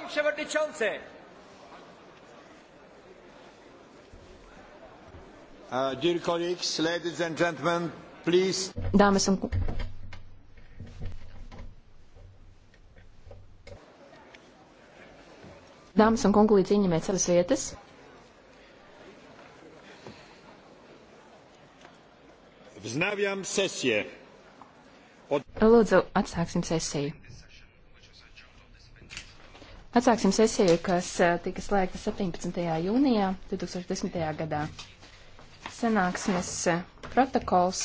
Pan przewodniczący! Uh, dear colleagues, ladies and gentlemen, please. Dāmas un Dāmas un kungi, lūdzu, ieņemiet savas vietas. Vznaviam sesiju. Od... Lūdzu, atsāksim sesiju. Atsāksim sesiju, kas eh, tika slēgta 17. jūnijā 2010. gadā. Sanāksmes eh, protokols